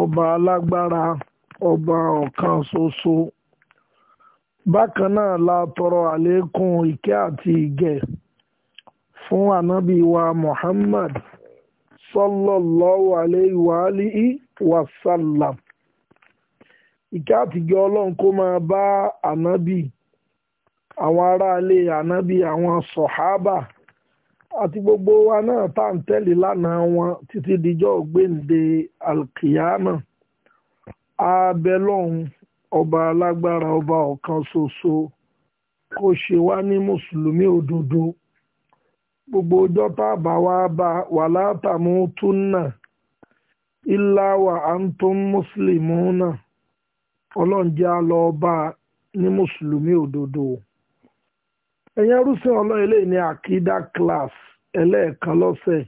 ọba alágbára ọba ọ̀kan ṣoṣo bákan náà la tọrọ àlékún ìkẹ́ àti ìgẹ̀ fún ànábì wa Muhammad sallallahu alayhi wa alihi wa sallam ìkẹ́ àti ìgẹ̀ ọlọ́run kó máa bá ànábì àwọn aráalé ànábì àwọn sọ̀hábà àti gbogbo wa náà tá à ń tẹ̀lé lánàá wọn títí dijọ́ gbéǹde alkiyama abẹ́lọ́hún ọba alágbára ọba ọ̀kan ṣoṣo kó ṣe wá ní mùsùlùmí òdodo gbogbo ọjọ́ tá a bá wá bá wà látàmú túnà ilá wa à ń tó mùsùlùmí náà ọlọ́run jẹ́ á lọ bá ní mùsùlùmí òdodo. ẹ̀yin arúsìn ọlọ́run eléyìí ní akida class ẹlẹ́ẹ̀kan lọ́sẹ̀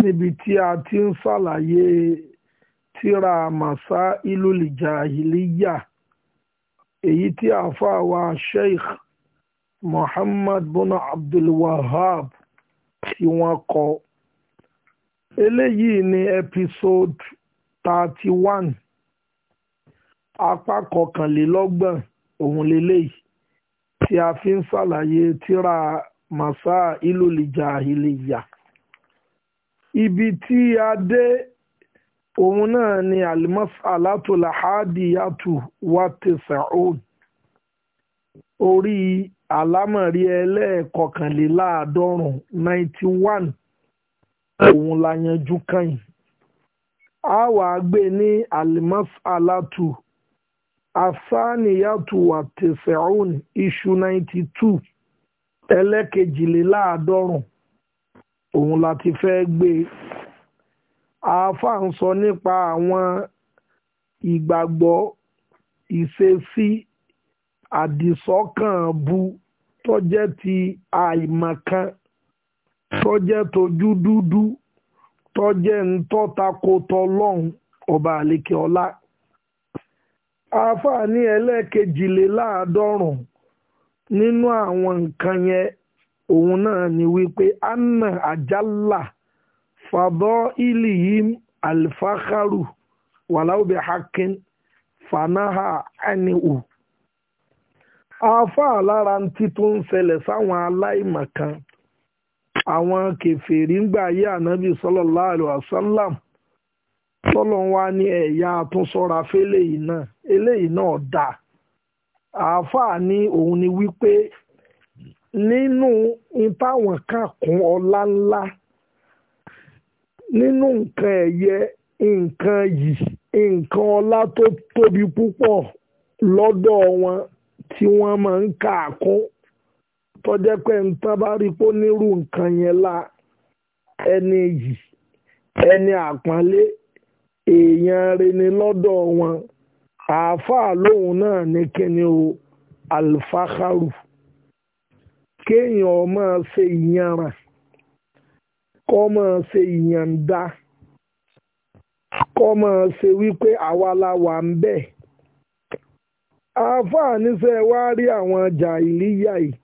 níbi tí a ti ń ṣàlàyé tíra màsá ìlúlìjà ìlíyà èyí tí àáfàá wa sheikh muhammad buna abdulwahab tí wọ́n kọ eléyìí ní episode thirty one apá kọkànlélọ́gbọ̀n òun lélẹ́yìí tí a fi ń ṣàlàyé tíra masa ilolija iléyà ibi tí a dé òun náà ni alimasalatul hadiyatu wa tesaun orí àlámọ̀rí ẹlẹ́ẹ̀kọkànléláàádọ́rùn-ún ninety one òun la yanjú kàn yìí a wàá gbé ní alimasalatu asaniyatu wa tẹsẹ̀ún isu ninety two ẹlẹ́kejìléláàádọ́rùn òun la ti fẹ́ gbé àáfàá ń sọ nípa àwọn ìgbàgbọ́ ìṣesí àdìsọ́kàn bu tó jẹ́ ti àìmọ̀kan tó jẹ́ tojú dúdú tọ́jẹ́ jẹ́ ń tọ́ta kó lọ́hùn ọba àlekè àáfàá ní ẹlẹ́ẹ̀kejìléláàádọ́rùn nínú àwọn nǹkan yẹn òun náà ni wipe anna ajala fàdọ́ ilihim alfakharu wàláwùbẹ̀ hakin fanaha anihu àáfàá lára ti tó ń ṣẹlẹ̀ sáwọn aláìmọ̀kan àwọn kẹfẹ́rí ń gbà yé ànábì sallallahu alaihi wasallam tọ́lọ́n wá ní ẹ̀yà àtúnṣọ́ra fẹ́lẹ́yìí náà eléyìí náà dà àáfàá ní òun ni wípé nínú ìtàwọn kan kún ọlá ńlá nínú nǹkan ẹ̀yẹ nǹkan yìí nǹkan ọlá tó tóbi púpọ̀ lọ́dọ̀ wọn tí wọ́n máa ń kà kún tọ́jẹ́ pé nǹkan bá rí pé onírú nǹkan yẹn la ẹni yìí ẹni àpọ́nlé èèyàn rẹ ni lọ́dọ̀ wọn àáfàá lòun náà ní kíni o alfaharu kéèyàn máa ṣe ìyanra kọ́ máa ṣe ìyànda kọ́ máa ṣe wípé àwa la wà ń bẹ̀ àáfàá níṣẹ́ wá rí àwọn jàìlíyà yìí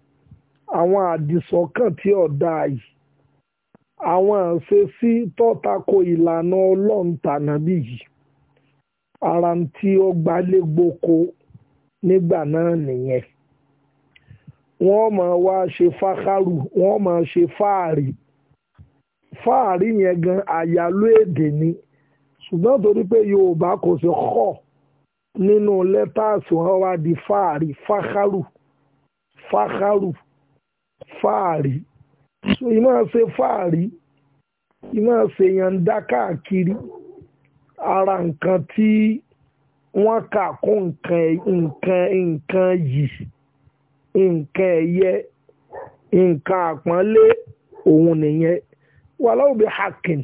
àwọn àdìsọ́kàn tí ọ̀dà yìí àwọn àṣesí tọ́tako ìlànà ọlọ́run tànàbí yìí ara tí ó gbalé gboko nígbà náà nìyẹn wọ́n máa wá ṣe fákàrù wọ́n máa ṣe fáàrí fáàrí yẹn gan àyálò èdè ni ṣùgbọ́n torí pé yorùbá kò sí kọ́ nínú lẹ́tàsì wọn wá di fáàrí fákàrù fákàrù fáàrí so ìmọ̀ ṣe fáàrí ìmọ̀ ṣe yànda káàkiri ara nǹkan tí wọ́n kà kún nǹkan nǹkan nǹkan yìí nǹkan ẹ̀yẹ nǹkan àpọ́nlé òun nìyẹn wà láwùjọ hakin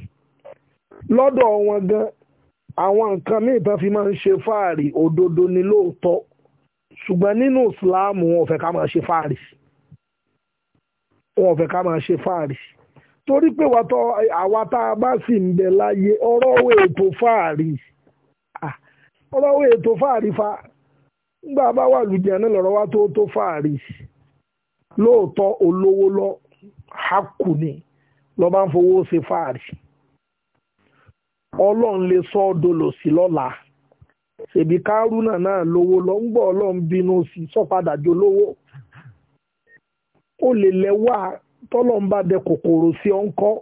lọ́dọ̀ wọn gan àwọn nǹkan míì tán fi máa ń ṣe fáàrí òdodo ni lóòótọ́ ṣùgbọ́n nínú ìsìláàmù wọn ò fẹ́ ká máa ṣe fáàrí sí i wọn ò fẹ́ ká máa ṣe fáàrí torí pé wàtọ́ àwa tá a bá sì ń bẹ láyé ọ̀rọ̀ òwe ètò fáàrí ọ̀rọ̀ òwe ètò fáàrí fa nígbà bá wà lùjẹ́ náà lọ́rọ̀ wá tó tó fáàrí lóòótọ́ olówó lọ hákù ni lọ́ bá ń fowó ṣe fáàrí ọlọ́run lè sọ dolo sí lọ́la ṣèbí kárúnà náà lówó lọ ń gbọ́ ọlọ́run bínú sí sọ́padà jolówó. So ó lè lẹ́wà tọ́lọ̀ ń bá dẹ kòkòrò sí ọ ń kọ́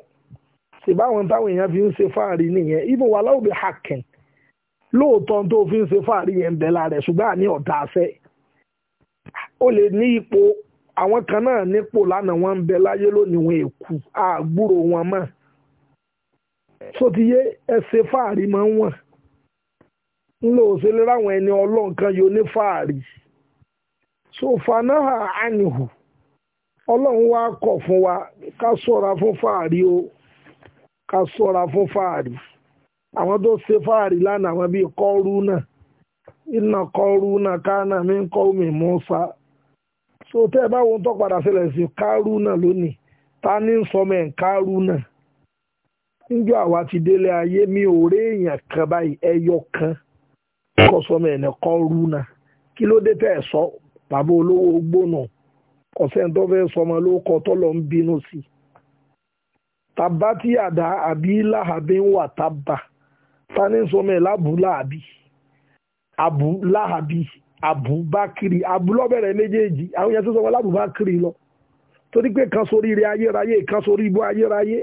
ṣèbáwọn táwọn èèyàn fi ń ṣe fáàrí nìyẹn ibò wà láwùjọ hakin lóòótọ́ tó fi ń ṣe fáàrí yẹn ń bẹ̀ lára ẹ̀ ṣùgbọ́n àní ọ̀dà àṣẹ ó lè ní ipò àwọn kan náà nípò lánàá wọn ń bẹ láyé lónìí wọn èkú àgbúrò wọn mọ́ sotiye ẹsẹ fáàrí máa ń wọ̀n ńlọ òṣèlérà àwọn ẹni ọlọ́nkan yóò ní fáàrí so fanaha anihu. So, ọlọ́run wá kọ̀ fún wa ká sọ́ra fún fàárì o ká sọ́ra fún fàárì àwọn tó ṣe fàárì lánàá àwọn bíi kọ́rú náà iná kọ́rú náà kánà mi ń kọ́ mi mú sa so tẹ́ ẹ bá wọn tó padà sílẹ̀ sí kárú náà lónìí ta ní sọmọ ẹ̀ kárú náà níjọ́ àwa ti délé ayé mi ò rí èèyàn kan báyìí ẹyọ kan kọ́ sọmọ ẹ̀ ní kọ́rú náà kí ló dé tẹ́ ẹ sọ bàbá olówó gbóná. kọ̀sẹ́ni tó fẹ́ sọmọ ló kọ tọ́lọ̀ ń bínú sí i tàbá tí àdá àbí láhàbí ń wà tábà ta ẹ̀ lábù láhàbí àbù láhàbí àbù méjèèjì àwọn yẹn tó sọmọ lọ torí pé kan sórí ire ayérayé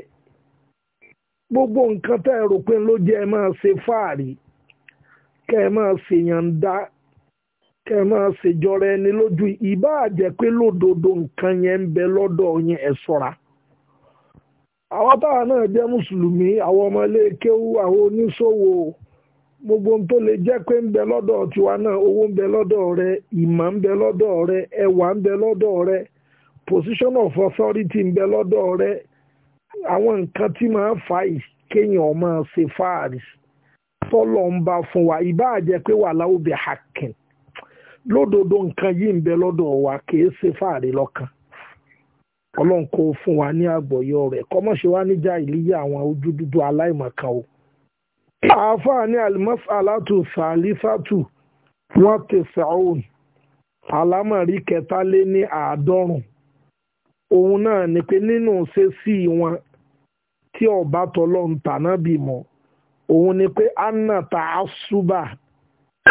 gbogbo nǹkan tẹ́ ẹ rò pé ló jẹ́ ẹ máa kẹ́ ẹ máa ẹni lójú ìbá àjẹ́ pé lódodo nǹkan yẹn ń bẹ lọ́dọ̀ yẹn ẹ sọ́ra. àwọn náà jẹ́ mùsùlùmí àwọn ọmọ ilé kéwú àwọn oníṣòwò gbogbo tó lè jẹ́ pé ń bẹ lọ́dọ̀ tiwa náà owó ń bẹ lọ́dọ̀ rẹ ìmọ̀ ń of authority ń bẹ lọ́dọ̀ rẹ àwọn nǹkan tí ọmọ ṣe fáàrí ń bá fún wa ìbá àjẹ́ pé lódodo nǹkan yìí ń bẹ lọ́dọ̀ wa kìí ṣe fàárẹ̀ lọ́kàn ọlọ́run kò fún wa ní àgbọ̀yọ̀ rẹ̀ kọ́mọ̀ṣe wa níjà ìlíyà àwọn ojú dúdú aláìmọ̀kan o. àáfàá ní alimọ́sálátù sàlísàtù wọ́n ti sàún alámọ̀rí kẹta lé ní àádọ́rùn òun náà ni pé nínú ṣe sí wọn tí ọba tọlọ́run tàná bímọ òun ni pé anna ta asuba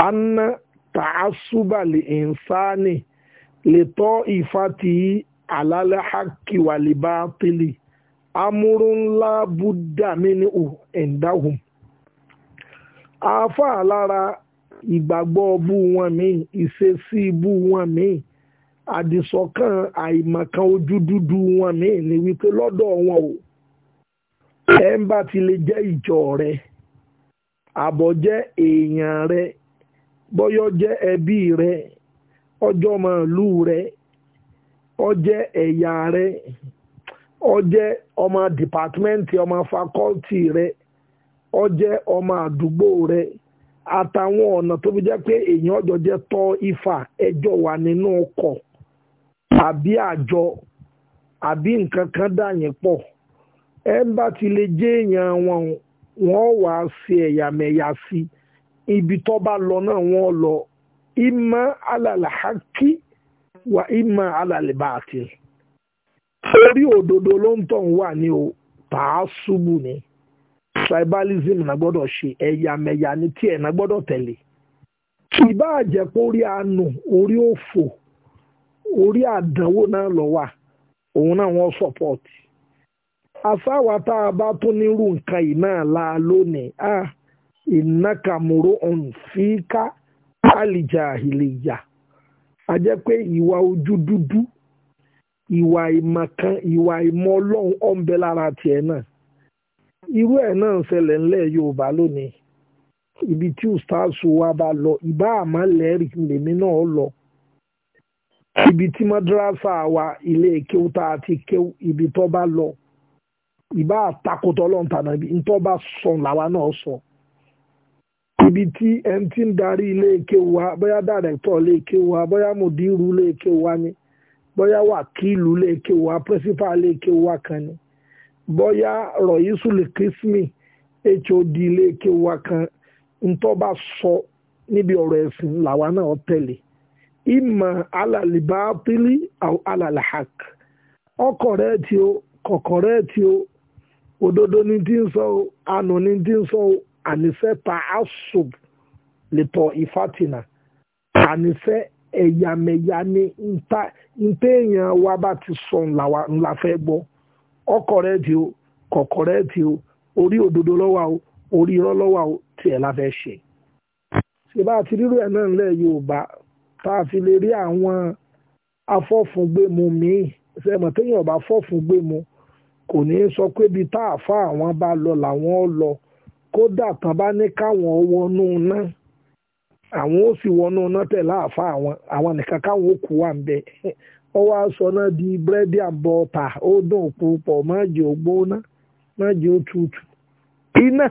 anna tààsùbàlì ìǹsáàní lè tọ́ ìfàtì àlálẹ́ àkìwàlì bá tìlì amúrúnlá búdà mínú ẹ̀ńdáhùn. àáfàá lára ìgbàgbọ́ bú wọn míì ìṣesí bú wọn míì àdìsọ́kàn àìmọ̀kan ojú dúdú wọn míì ní wípé lọ́dọ̀ wọn o ẹ̀ ń bá ti lè jẹ́ ìjọ rẹ̀ àbọ̀jẹ́ èèyàn rẹ̀ bóyá ọjẹ́ ẹbí rẹ ọjọ́ màálù rẹ ọjẹ́ ẹ̀yà rẹ ọjẹ́ ọmọ dìpátímẹ́ǹtì ọmọ fakọ́ọ̀tì rẹ ọjẹ́ ọmọ àdúgbò rẹ àtàwọn ọ̀nà tó fi jẹ́ pé èèyàn ọjọ́ jẹ́ tọ́ ifá ẹjọ́ wà nínú ọkọ̀ àbí àjọ àbí nǹkan kan dà yín pọ̀ ẹ bá ti lè jẹ́ èèyàn wọn wọ́n wàá ṣe ẹ̀yàmẹ̀yà sí i ibi tó bá lọ náà wọ́n lọ ìmọ̀ alàlàhákí wà ìmọ̀ alàlìbàtì orí òdodo ló ń tọ̀ wà ní o tààṣùbù ni tribalism na gbọ́dọ̀ ṣe ẹ̀yàmẹ̀yà ní tiẹ̀ na gbọ́dọ̀ tẹ̀lé ìbá àjẹpọ̀ orí àánú orí òfò orí àdánwò náà lọ wà òun náà wọ́n sọ̀pọ̀tì àsáwà tá bá tún nírú nǹkan yìí náà la lónìí ah ìnákàmúrò ònfíkà àlìjàhìlìyà a jẹ́ pé ìwà ojú dúdú ìwà ìmọ̀kan ìwà ìmọ̀ ọlọ́run ọ̀nbẹ lára tiẹ̀ náà irú ẹ̀ náà ń ṣẹlẹ̀ ńlẹ̀ yorùbá lónìí ibi tí ustaasu wa bá lọ ìbá àmọ́ lẹ́rìí lèmi náà lọ ibi tí madrasa wa ilé kéwú tá a ti ibi tó bá lọ ìbá àtakùtọ̀ ọlọ́run tàbí ntọ́ bá sọ làwa náà sọ. So ibi tí ẹni tí ń darí ilé èké wa bóyá dàrẹ́tọ̀ ilé èké wa bóyá mùdírù ilé èké wa ni bóyá wàkílù ilé èké wa pírísípà ilé èké wa kan ni bóyá rọ̀yísù lè kírísímì hod ilé èké wa kan ntọ́ bá sọ níbi ọ̀rọ̀ ẹ̀sìn làwa náà tẹ̀lé ìmọ̀ alàlìbáàpìlì alàlàhàk ọkọ̀ rẹ̀ tí ó kọ̀kọ̀ rẹ̀ tí ó òdodo ni tí ń sọ o ànú ni tí ń sọ o ànífẹ́ pa asub lẹ́tọ̀ ìfàtìnà ànífẹ́ ẹ̀yàmẹ̀yà ni ntẹ̀yàn wa bá ti sọ ńlá fẹ́ gbọ́ ọkọ̀ rẹ̀ ti o kọ̀kọ̀ rẹ̀ ti o orí òdodo lọ́wọ́ o orí irọ́ o tiẹ̀ la fẹ́ ṣe. ṣèbá àti rírò ẹ̀ náà ńlẹ̀ Yorùbá tá a fi lè rí àwọn afọ́fúngbẹ́mu míì sẹ́mọ̀ téèyàn bá fọ́fúngbẹ́mu kò ní í sọ pé bíi tá àwọn bá lọ làwọn lọ kódà tán bá ní káwọn wọnú náà àwọn ó sì wọnú náà tẹ̀lé àfa àwọn àwọn nìkan káwọn ó kú wà ń bẹ ọ wá sọ náà di búrẹ́dì àbọ̀ọ̀tà ó dùn púpọ̀ má jẹ́ ògbó náà má jẹ́ òtútù iná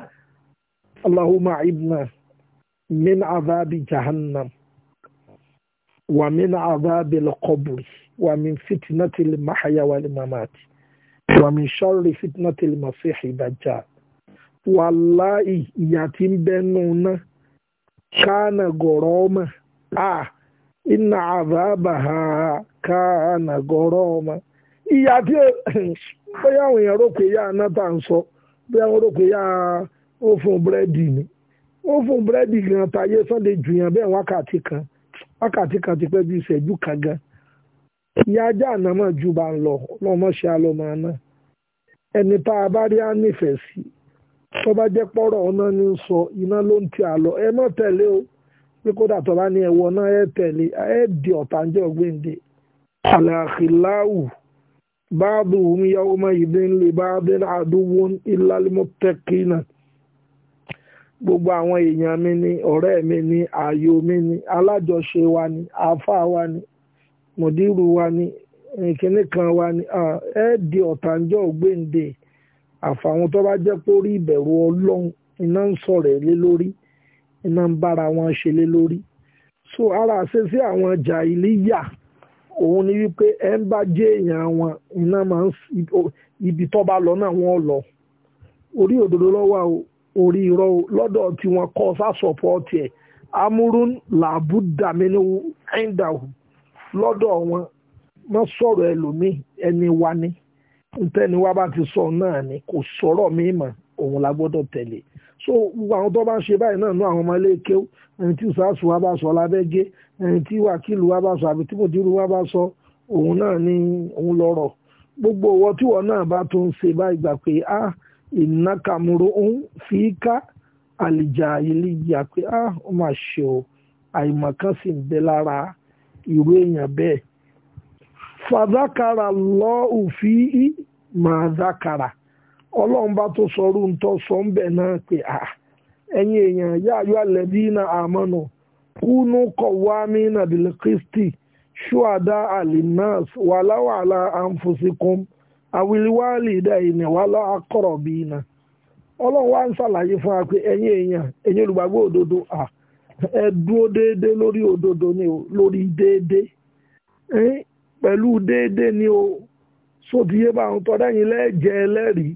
allahumma ibna min azabi jahannam wa min azabi al-qabri min fitnati al mamati wa min sharri fitnati al dajjal wàláì ìyà tí Kana bẹ nù náà kánà gọ̀rọ̀ na à iná àbábàá kánà gọ̀rọ̀ ọmọ ìyà tí bóyá àwọn ya rò anáta àwọn rò pé yá fún ni ó fún búrẹ́dì gan bẹ́ẹ̀ wákàtí kan wákàtí kan ti pẹ́ bí ìṣẹ́jú kan gan ìyá ajá àná mọ̀ ju bá ń lọ tó bá jẹ́ pọ́rọ̀ ọ̀nà ni ń sọ iná ló ń ti àlọ́ ẹ má tẹ̀lé o pé kódà tó bá ní ẹ̀wọ̀ náà ẹ tẹ̀lé ẹ di ọ̀tánjẹ́ ọ̀gbìndé. àlàkìláwù báàbù omi máa yìí dé nílé báàbù àdúgbò ìlàlímọ̀ tẹ́kínà gbogbo àwọn èèyàn mi ni ọ̀rẹ́ mi ni ààyò mi ni alájọṣe wa ni àáfàá wa ni mùdírù wa ni ìkíní kan wa ni ẹ di ọ̀tánjẹ́ ọ̀gbìndé àfàwọn tó bá jẹ́ pé ó rí ìbẹ̀rù ọlọ́run iná ń sọ̀rọ̀ lé lórí iná ń bára wọn ṣe lé lórí so ara ṣe sí àwọn jàìlíyà òun ni wípé ẹ ń bá jẹ́ èèyàn wọn iná máa ń ibi tó bá lọ náà wọ́n lọ orí òdodo lọ́wọ́ o orí irọ́ o lọ́dọ̀ tí wọ́n kọ́ sásọ̀pọ̀tì ẹ̀ amúrún làbúdàmínú ẹ̀ńdàwù lọ́dọ̀ wọn wọ́n sọ̀rọ̀ ẹlòmíì ẹni wa ni ntẹ́ni wá bá ti sọ náà ni kò sọ̀rọ̀ mi mọ̀ òun la gbọ́dọ̀ tẹ̀lé so gbogbo àwọn tó bá ń ṣe báyìí náà nú àwọn ọmọ ilé kéw ẹni tí sars wa bá sọ lábẹ́gẹ́ ẹni tí wákìlù wa bá sọ àbí tí wa bá sọ òun náà ni òun lọ́rọ̀ gbogbo owó tí wọn náà bá tún ń ṣe báyìí gbà pé a ìnákàmúrò ń fi ká àlìjà ìlíjà pé a ó mà ṣe o àìmọ̀kan sì lára irú èèyàn bẹ́ẹ̀ fàdákàrà lọ òfì í màá dákàrà ọlọ́run bá tó sọrú ntọ́ sọ ń bẹ̀ náà pé à ẹ̀yin èèyàn yá àlẹ́bí na àmọ́nà kúnú kọ̀ wá mí nàbìlẹ̀ kristi ṣúàdá àlìmọ́s wàláwàlá àǹfọ̀síkún àwìlíwálì ìdá ìnẹ̀ wàlá akọ̀rọ̀ bí iná ọlọ́run wá ń ṣàlàyé fún wa pé ẹ̀yin èèyàn ẹ̀yin o pẹ̀lú déédé ni o sódìyé bá ń tọ́dá yín lẹ́jẹ̀ ẹlẹ́rìí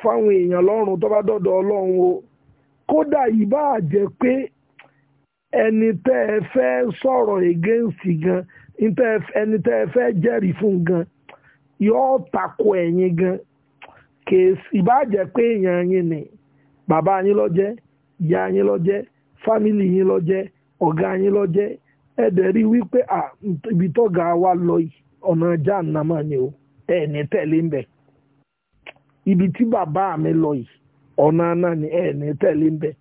fáwọn èèyàn lọ́rùn tó bá dọ̀dọ̀ ọlọ́run o kódà yìí bá jẹ́ pé ẹni tẹ́ ẹ fẹ́ sọ̀rọ̀ against gan ẹni tẹ́ ẹ fẹ́ jẹ́rìí fún gan yóò tako ẹ̀yìn gan kèsì ni bàbá yín jẹ́ ìyá yín jẹ́ fámìlì ẹ̀dẹ̀ rí wípé ibi ga wa lọ ọ̀nà jahannama ni o ẹ̀ tẹ̀lé ń bẹ̀ ibi tí bàbá mi lọ yìí ọ̀nà àná ni ẹ̀ tẹ̀lé ń bẹ̀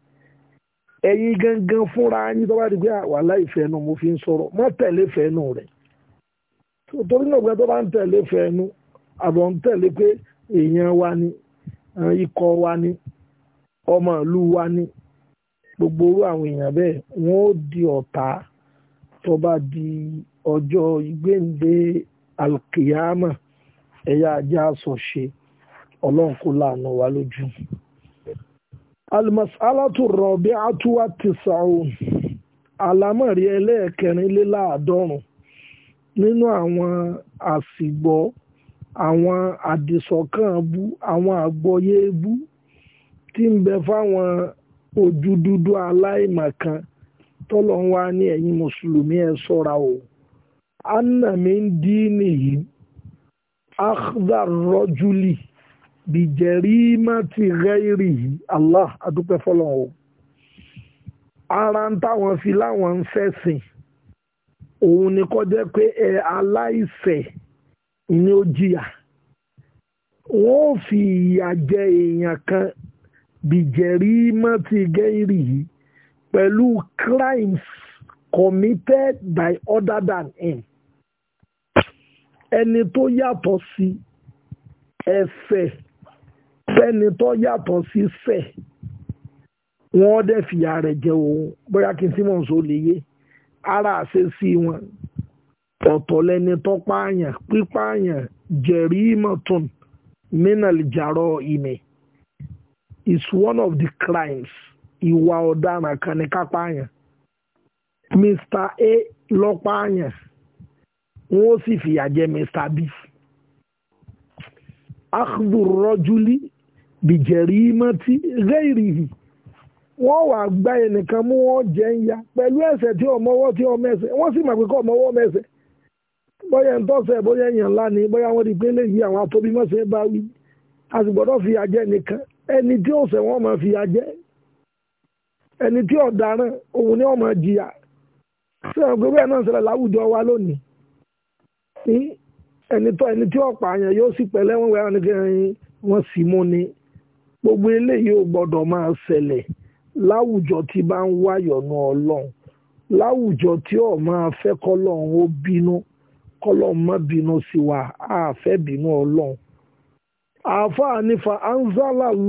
ẹ̀yin gangan fúnra yín tó bá di pé àwàlá ìfẹ́ nu mo fi ń sọ̀rọ̀ má tẹ̀lé fẹ́ nu rẹ̀ torí náà gbogbo orú àwọn èèyàn bẹ́ẹ̀ wọ́n ó tó bá di ọjọ́ ìgbéǹde alkiyama ẹ̀yà ajá sọ ṣe ọlọ́run kó láàánú wa lójú. almasalatu rọ̀bí àtúwà tìsàún àlámọ̀rí ẹlẹ́ẹ̀kẹrìnléláàádọ́rùn nínú àwọn àsìgbọ́ àwọn àdìsọ́kàn bú àwọn àgbọ́yé bú tí ń bẹ fáwọn ojú dúdú aláìmọ̀kan tọ́lọ̀ ń wá ní ẹ̀yin mùsùlùmí ẹ sọ́ra o anàmí ń dí nìyí akhdàrọ́júlì bìjẹ̀rìmátì rẹ́ìrì Allah adúpẹ́ fọ́lọ̀ o ara ń táwọn fi láwọn ń fẹ̀sìn òun ni kọ́ jẹ́ pé ẹ aláìṣẹ̀ ni ó jìyà wọ́n fi ìyà jẹ èèyàn kan bìjẹ̀rìmátì rẹ́ìrì yìí pẹ̀lú crimes committed by other than him ẹni tó yàtọ̀ sí ẹ̀ṣẹ̀ fẹ́ni tó yàtọ̀ sí ṣẹ̀ wọ́n dẹ̀ fìyà rẹ̀ jẹ òun bóyá kí n tí mò ń sọ lè yé ara àṣẹ sí wọn ọ̀tọ̀ lẹni tó pààyàn pípààyàn jẹ̀rí mọ̀tún mínàlì jàrọ̀ ìmẹ̀ is one of the crimes ìwà ọ̀daràn kan ní kápá àyàn mr a lọ́pàá àyàn wọ́n ó sì fìyà jẹ mr b akhdurrojuli bìjẹ̀rìmọ́tì rẹ́ìrìhì wọ́n wà gba ẹnìkan mú wọ́n jẹ́ ń ya pẹ̀lú ẹ̀ṣẹ̀ tí ọmọwọ́ tí ọmọ ẹ̀ṣẹ̀ wọ́n sì mọ̀ pé kọ́ ọmọwọ́ mẹ́sẹ̀ bóyá ń tọ́sẹ̀ bóyá èèyàn ńlá ni bóyá wọ́n di pé léyìí àwọn atóbímọ́sẹ̀ bá wí a sì gbọ́dọ̀ fi ajẹ́ nìkan ẹni tí ó ṣẹ̀ wọ́n máa fi ajẹ́ ẹni tí ọ̀daràn òun ni ọmọ jìyà tí wọn gbogbo ẹ̀ náà ṣẹlẹ̀ láwùjọ wa lónìí ẹni tó ẹni tí ọ̀pá yẹn yóò sì pẹ̀lẹ́ wọn wẹ́rẹ́ wọn sì mú ni gbogbo eléyìí ò gbọ́dọ̀ máa ṣẹlẹ̀ láwùjọ tí bá ń ọlọ́run láwùjọ tí ọ̀ máa fẹ́ kọ́lọ́run ó bínú kọ́lọ́run má bínú sí wa bínú ọlọ́run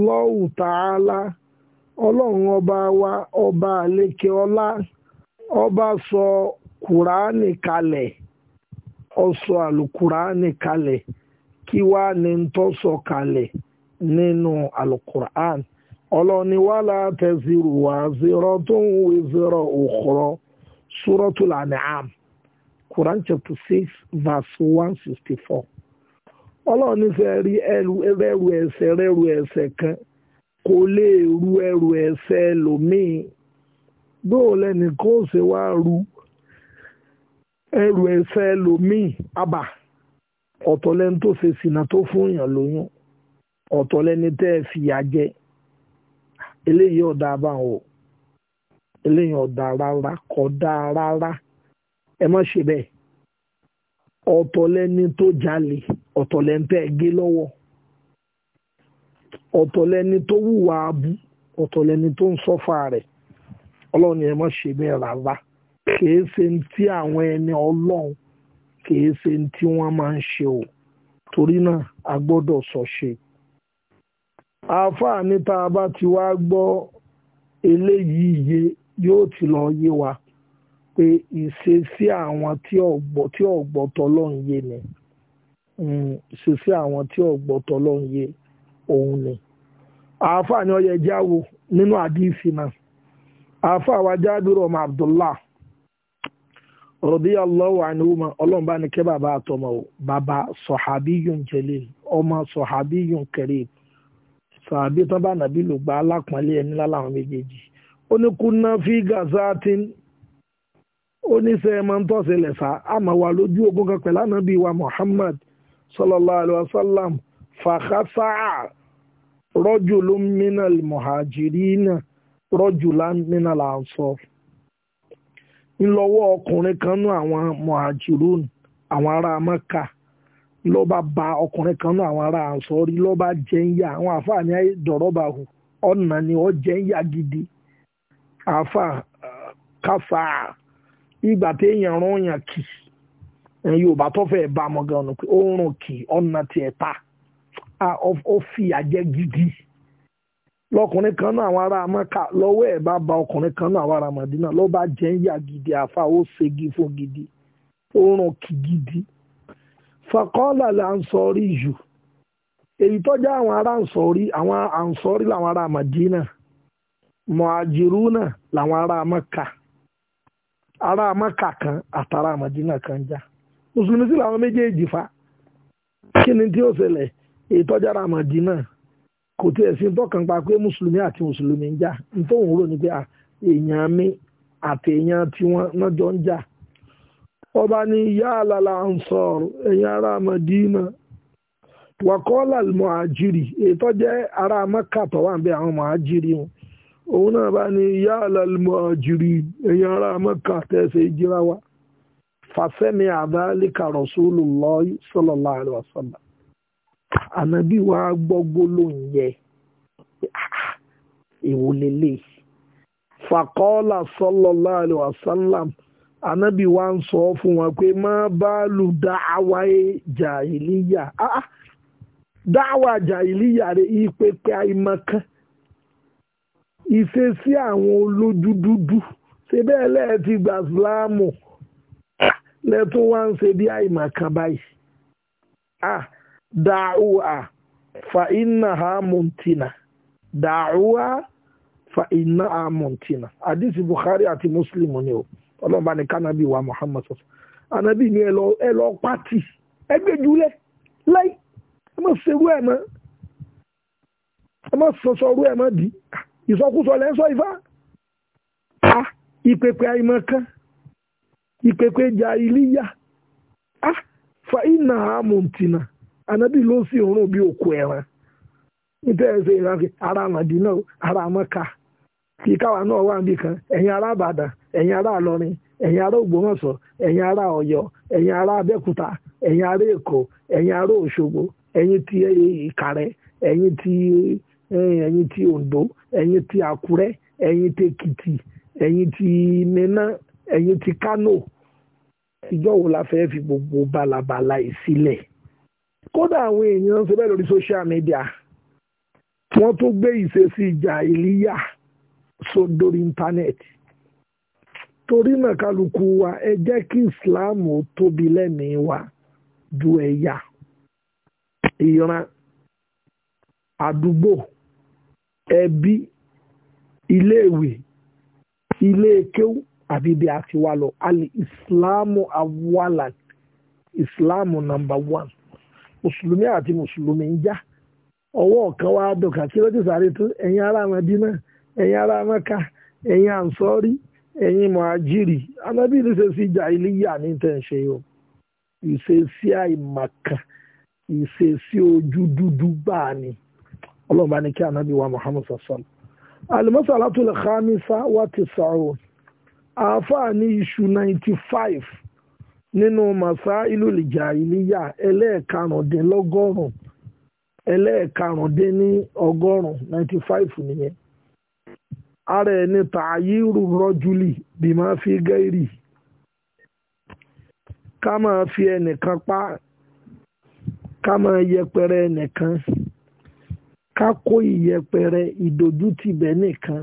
lọ́wù tààlà. ọlọ́run ọba wa ọba àlékè ọlá ọba sọ kùránì kalẹ̀ ọsọ àlùkùránì kalẹ̀ kí wá ní tó sọ kalẹ̀ nínú àlùkùránì ọlọ́ni wàlá tẹ̀síru wà zero tó ń wé zero òkúrọ̀ chapter six verse one kò lè ru ẹrù ẹsẹ lòmíì bóò lẹ́nì ṣe wá ru ẹrù ẹ̀ṣẹ̀ lòmíì àbà ọ̀tọ̀ tó ṣe sìnà tó fún èèyàn lóyún ọ̀tọ̀ lẹ́ni tẹ́ ẹ fìyà jẹ eléyìí ọ̀dà àbáwọ̀ rárá rárá ẹ má ṣe bẹ́ẹ̀ ọ̀tọ̀ tó jalè ọ̀tọ̀ ọ̀tọ̀ lẹni tó wùwà abú ọ̀tọ̀ lẹni tó ń sọ́fà rẹ̀ ọlọ́run ni ẹ má ṣe mí rárá kìí ṣe ń tí àwọn ẹni ọlọ́run kìí ṣe ń tí wọ́n máa ń ṣe o torí náà a gbọ́dọ̀ sọ àáfàá ní tá a bá ti wá gbọ́ eléyìí yé yóò ti lọ yé wa pé ìṣesí àwọn tí ọ̀gbọ̀tọ̀ lọ́n yé ni hmm, ìṣesí àwọn tí ọ̀gbọ̀tọ̀ lọ́n yé ni òun ni àáfàá ni ọyẹ jáwo nínú àdìsí náà àáfàá wa jábìrì ọmọ abdullah radiyallahu anhuma ọlọ́run bá ní kẹ́ bàbá àtọmọ o bàbá sọ̀hábíyùn jalil ọmọ sọ̀hábíyùn karim sàbí tán bá nàbí lò gba alápọ̀nlé ẹni láláwọn méjèèjì ó ní kúnná fi gazatin ó ní sẹ́ẹ̀ máa ń tọ́sílẹ̀ sá àmọ́ wa lójú ogun kan pẹ̀lú ànábì wa muhammad sallallahu alayhi wa sallam fàkásà rọ́jùlún minal muhajirina rọ́jùlán minal ansar ńlọ́wọ́ ọkùnrin kan nú àwọn muhajirun àwọn ará maka ba ọkùnrin kan nú àwọn ará ansori ló bá àwọn ní ni ọ gidi àfáà káfà ìgbà téèyàn rún yàn kì ẹ̀yin ò bá tọ́fẹ̀ẹ́ bá ọmọ gan-an ó rùn ó fi àjẹ gidi lọkùnrin kan náà àwọn ará amẹ́ka lọ́wọ́ ẹ̀ bá ba ọkùnrin kan náà àwọn ará màdínà ló bá jẹ́ ń yà gidi àfa ó ṣègi fún gidi ó ràn kí gidi fakọ́lá là ń sọ rí jù èyí tó jẹ́ àwọn ará ànsọ́rí àwọn ànsọ́rí làwọn ará màdínà mọ̀àjìrúnà làwọn ará amẹ́ka ará amẹ́ka kan àtàrà màdínà kan já mùsùlùmí sí làwọn méjèèjì fa kí ni tí ó ṣẹlẹ̀ ìtọ́jára mọ̀dínà kò tí ẹ̀ sí tọ́kàn pa pé mùsùlùmí àti mùsùlùmí ń jà nítorí òun rò ní pé èèyàn mi àti èèyàn tí wọ́n náà jọ ń jà ọba ní yá àlàlà ń sọ̀rọ̀ ẹ̀yin ará mọ̀dínà wàkọ́lá mọ̀hájírì ètò jẹ́ ará mẹ́kà tó wà ń bẹ àwọn mọ̀hájírì wọn òun náà bá ní yá àlàlà mọ̀hájírì ẹ̀yin ará mẹ́kà tẹ̀sẹ̀ ìjìra wa fàṣẹ́mi àdá rọ̀ṣúlù lọ́ọ́ sallallahu alaihi ànábì wa gbọ́ gbólóhùn yẹ ah, èwo lélẹ̀ fàkọ́ọ́là sallallahu alaihi wasallam ànábì wa ń sọ fún wọn pé má bá lù dáhàwá jàìlíyà ah, ah, dáhàwá jàìlíyà rẹ̀ ìpèpè àwọn olójú dúdú ṣe lẹ́ẹ̀tì gbà síláàmù lẹ́tún wá ń ṣe bí báyìí. da'uha fa innaha muntina da'uha fa innaha muntina àdìsí Bukhari àti Muslim ni o ọlọ́ọ̀bá ni kánábì wa Muhammad sọ̀tún ànábì ni ẹ lọ pátì ẹgbẹ́ jùlẹ̀ láì ẹ má ṣerú ẹ̀ mọ́ ẹ má sọ̀sọ̀ rú ẹ̀ mọ́ di ìsọkúsọ lẹ́ ń sọ ifá a ìpèpè àìmọ̀kan ìpèpè jà ìlíyà a fa iná àmùntìnà Anabi ló sì rún bí òkú ẹran nítorí ẹsẹ̀ ìrànfẹ́ ara màdínà ara mọ́ka kí káwa náà wà níbì kan ẹyin ara àbàdàn ẹyin ara àlọrin ẹyin ara ògbómọ̀ṣọ́ ẹyin ara ọyọ, ẹyin ara abẹ́òkúta ẹyin ara èkó ẹyin ara òṣogbo ẹyin ti ìkàrẹ́ ẹ̀yin ti ti oǹdó ẹyin ti àkúrẹ́ ti èkìtì ti la fi kódà àwọn èèyàn ń ṣe lórí social media wọ́n tún gbé ìṣesí ìjà ìlíyà sódórí íńtánẹ́ẹ̀tì torí wa ẹ jẹ́ kí Islam ó tóbi lẹ́mìí wa ju ẹ̀yà ìran àdúgbò ẹbí iléèwé iléekéwú àbí ibi àti lọ islam one. mùsùlùmí àti mùsùlùmí ń já ọwọ́ kan wá dọ̀kà kí ló ti sáré tó ẹ̀yin ará Mádínà ẹ̀yin ará Mẹ́kà ẹ̀yin ànsọ́rí ẹ̀yin mọ̀ájírì anábì ní ṣe sí ìjà iléyà ní tẹ̀sẹ̀ o ìṣesí àìmàkà ìṣesí ojú dúdú bá a ní ọlọ́ọ̀bá ní kí anábì wa Muhammad sasọ́lá alimọ́sálátùl khamisa wá ti sàrò àáfàá ní iṣu ninety five nínú masa ilúlìjà ìníyà ẹlẹ́ẹ̀karùndínlọ́gọ́rùn ẹlẹ́ẹ̀karùndínní ọgọ́rùn ninety five nìyẹn ara ẹni tààyírù rọ́júlì bí máa fi gẹ́rì ká máa fi ẹnìkan pa ká máa yẹpẹrẹ ẹnìkan ká kó ìyẹpẹrẹ ìdójútìbẹ nìkan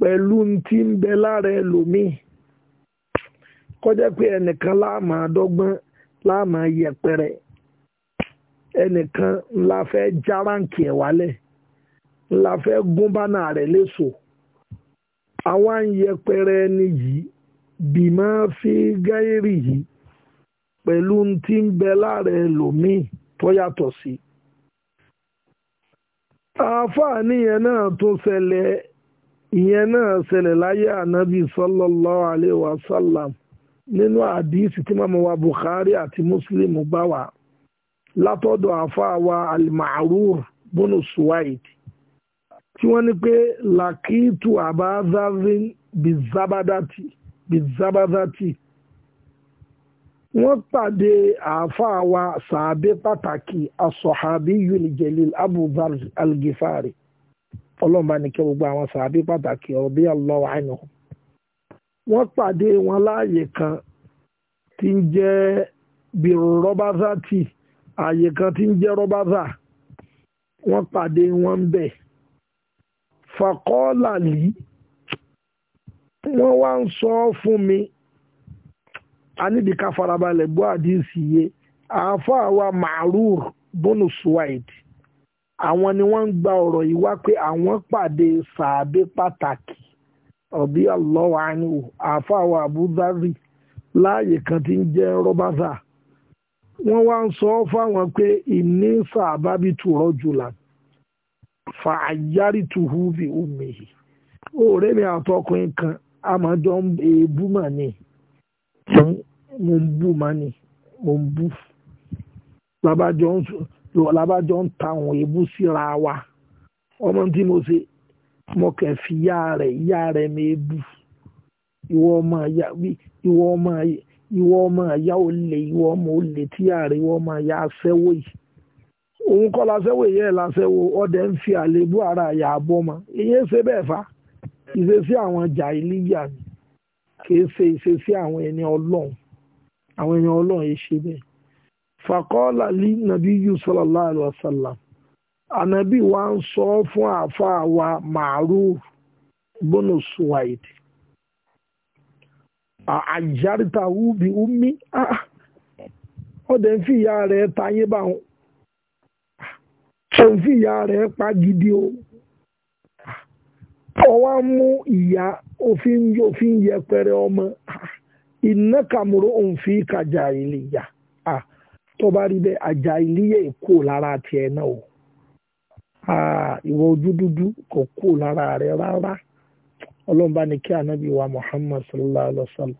pẹ̀lú ti ń bẹ lára ẹlòmíì kọjá pé ẹnìkan láàmà dọ́gbọ́n láàmà yẹpẹrẹ ẹnìkan ńlá fẹ́ já ráǹkì ẹ̀ wálẹ̀ ńlá fẹ́ gún bánà rẹ̀ léṣo àwa ń yẹpẹrẹ ẹni yìí máa fi gáírì yìí pẹ̀lú ti ń bẹ láàrẹ lòmíì tó yàtọ̀ sí. àáfàá nìyẹn náà tó ṣẹlẹ̀ ìyẹn náà ṣẹlẹ̀ láyé ànábì nínú àdìsí tí màmá wa Bukhari àti Muslim gbà wá látọ̀dọ̀ àfáà wa al-Ma'rur bùnú Suwaid tí wọ́n ní pé lakitu abazazin bizabadati bizabadati wọ́n pàdé àáfàá wa sàábé pàtàkì asọ̀hábí yunijelil abudar algifari ọlọ́mọba gbogbo àwọn sàábé pàtàkì ọ̀bí allah anhu wọ́n pàdé wọn láàyè kan tí ń jẹ́ bìrò rọ́bàzà tì àyè kan tí ń jẹ́ rọ́bàzà wọ́n pàdé wọn ń bẹ̀. fàkọ́ọ́là lì wọ́n wá ń sọ fún mi anídìíká farabalẹ̀ bó àdìsí yé àáfàá wa màrúr bónú suwaid àwọn ni wọ́n ń gba ọ̀rọ̀ yìí wá pé àwọn pàdé sàábé pàtàkì ọ̀bí allahu anhu àfàwọ̀ abudari láàyè kan tí ń jẹ́ rọ́bàtà wọ́n wá ń sọ fáwọn pé ìní sàbábí tùrọ̀ jùlá fàáyárí tùhú bí omi ọ̀rẹ́ mi àtọkùnrin kan a máa jọ ń bú mà ní mo ń bú mà ní mo ń bú labajọ ń ta àwọn èébú síra wa ọmọ tí mo ṣe mo fi ìyá rẹ̀ ìyá rẹ̀ mi bù ìwọ ọmọ ìyá ìwọ ọmọ ìwọ ọmọ ìyá olè ìwọ ọmọ olè tíyà rẹ̀ ìwọ ọmọ ìyá aṣẹ́wó yìí òun kọ́ lásẹ́wò ìyá ẹ̀ lásẹ́wò ọdẹ ń fi àlébù ara ìyá àbọ̀ mọ́ èyí ṣe bẹ́ẹ̀ fa ìṣesí àwọn jàìlíyà ni kìí ṣe ìṣesí àwọn ẹni ọlọ́run àwọn ẹni ọlọ́run yìí ṣe bẹ́ẹ̀ fàkọ́ọ́lá lí nàbí yusuf sallallahu alaihi ànábì wa ń sọ fún àáfàá wa Ma'ruf bọ́nà Suwaid àjárítà ubi umi ọdẹ ah, ah. ń fi ìyá rẹ̀ tayé báwọn ó ń fi ìyá rẹ̀ pa gidi o ọwá mú ìyá òfin yẹpẹrẹ ọmọ iná kàmúrò òun fi kàjà ìlìyà tó bá rí bẹ́ẹ̀ àjà ìlìyà èkó lára tiẹ̀ náà o ìwọ ojú dúdú kò kú lára rẹ̀ rárá ọlọ́run bá ní kí ànábì wa muhammad sallallahu alaihi wa sallam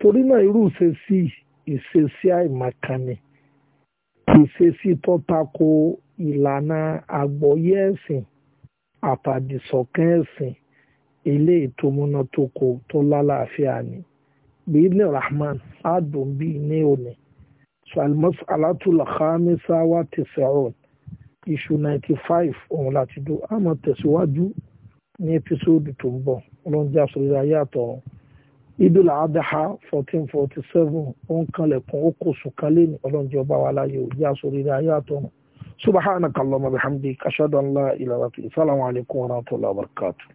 torí náà irú ìṣesí ìṣesí àìmọ̀kànnì ìṣesí tó tako ìlànà àgbọ́yé ẹ̀sìn àtàdìsọ̀kàn ẹ̀sìn eléyìí tó múná tó lálàáfíà ni bíbélì rahman adùn bíi ní òní salmas alatula khamisa wa tisirun iṣu 95 five ọ̀hún láti dó a máa tẹ̀síwájú ní ẹpisódù tó ń bọ̀ ọlọ́njẹ́ àsọ̀rọ̀ ayé àtọ̀run idul adaha fourteen forty seven ó ń kanlẹ̀kùn ó kò sùn kan lẹ́nu ọlọ́njẹ́ ọba wa láyé òjì àsọ̀rọ̀ ayé àtọ̀run subhanakallahumma bihamdika ashhadu an la ilaha illa anta alaykum wa rahmatullahi wa barakatuh.